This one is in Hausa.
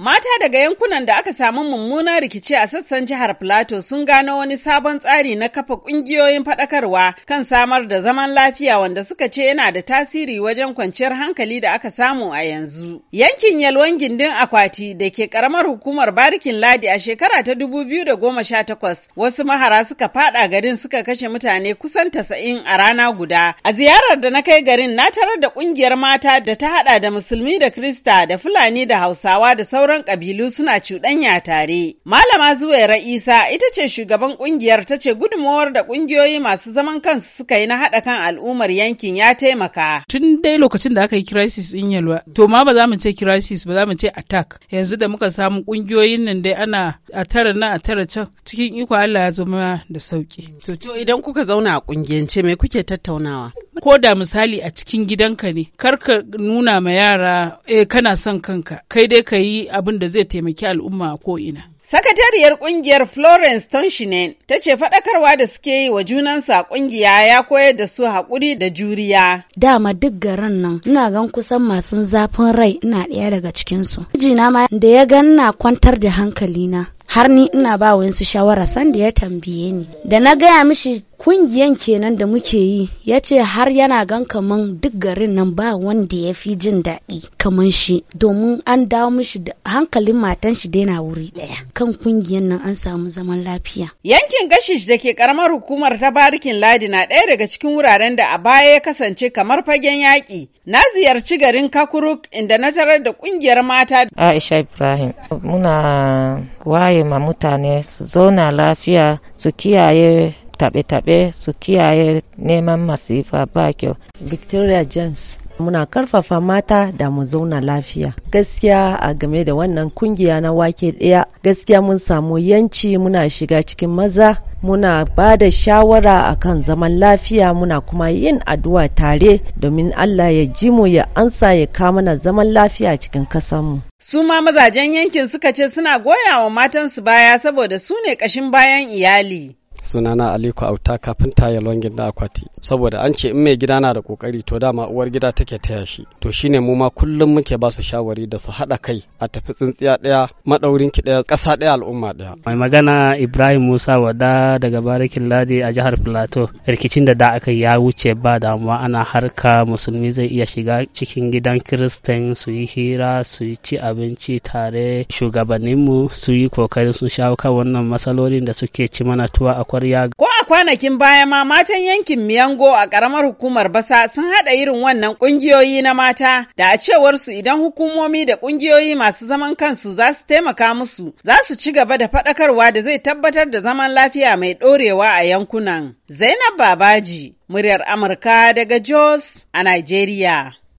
Mata daga yankunan da aka samu mummunan rikici a sassan jihar Filato sun gano wani sabon tsari na kafa ƙungiyoyin faɗakarwa kan samar da zaman lafiya wanda suka ce yana da tasiri wajen kwanciyar hankali da aka samu a yanzu. Yankin Yalwan Gindin Akwati da ke ƙaramar hukumar Barikin Ladi a shekara ta dubu biyu da goma sha takwas, wasu mahara suka faɗa garin suka kashe mutane kusan tasa'in a rana guda. A ziyarar da na kai garin na tarar da ƙungiyar mata da ta haɗa da musulmi da Krista da Fulani da Hausawa da sauran sauran ƙabilu suna cuɗanya tare. Malama Zuwaira Isa ita ce shugaban ƙungiyar ta ce gudunmawar da ƙungiyoyi masu zaman kansu suka yi na haɗa kan al'ummar yankin ya taimaka. Tun dai lokacin da aka yi crisis in yalwa, to ma ba za mu ce crisis ba za mu ce attack. Yanzu da muka samu kungiyoyin nan dai ana a tara na a tara can cikin iko Allah ya zama da sauki. To idan kuka zauna a kungiyance me kuke tattaunawa? ko da misali a cikin gidanka ne kar ka nuna ma yara eh kana son kanka kai dai ka yi abin da zai taimaki al'umma a ko ina Sakatariyar kungiyar Florence Tonshinen ta ce faɗakarwa da suke yi wa junansu a kungiya ya koyar da su haƙuri da juriya. Dama duk garin nan ina gan kusan masu zafin rai ina ɗaya daga cikinsu. Mijina ma da ya gan na kwantar da hankalina. har ni ina ba wayansu shawara san da ya tambaye ni da na gaya mishi kungiyan kenan da muke yi ya ce har yana gan kaman duk garin nan ba wanda ya fi jin daɗi kaman shi domin an dawo mishi da hankalin matan shi daina wuri ɗaya kan kungiyan nan an samu zaman lafiya. Yankin Gashish da ke karamar hukumar ta barikin Ladi na ɗaya daga cikin wuraren da a baya ya kasance kamar fagen yaƙi. Na ziyarci garin Kakuruk inda na tarar da kungiyar mata. Aisha Ibrahim muna waye ma mutane su zauna lafiya su kiyaye taɓe-taɓe su kiyaye neman masifa ba kyau. Victoria Jones muna karfafa mata da mu zauna lafiya gaskiya a game da wannan kungiya na wake ɗaya gaskiya mun samu yanci muna shiga cikin maza muna ba da shawara a kan zaman lafiya muna kuma yin addu'a tare domin Allah ya ji mu ya ansa ya ka mana zaman lafiya cikin kasanmu. Su ma mazajen yankin suka ce suna goya wa matansu baya saboda su ne ƙashin bayan iyali. sunana Aliko Auta kafin ta taya longin da akwati saboda an ce in mai gida na da kokari to dama uwar gida take taya shi to shine mu ma kullum muke ba su shawari da su haɗa kai a tafi tsintsiya daya madaurin ki daya ƙasa ɗaya al'umma daya mai magana Ibrahim Musa Wada daga Barikin Ladi a jihar Plateau rikicin da da aka ya wuce ba damuwa ana harka musulmi zai iya shiga cikin gidan kiristan su yi hira su yi ci abinci tare shugabanninmu su yi kokarin su shawo kan wannan matsalolin da suke ci mana tuwa a kwarya. Ko a kwanakin baya ma matan yankin Miyango a ƙaramar hukumar Basa sun haɗa irin wannan ƙungiyoyi na mata da a cewar su idan hukumomi da ƙungiyoyi masu zaman kansu za su taimaka musu za su ci gaba da faɗakarwa da zai tabbatar da zaman lafiya mai ɗorewa a yankunan. Zainab Babaji, muryar Amurka daga Jos a Najeriya.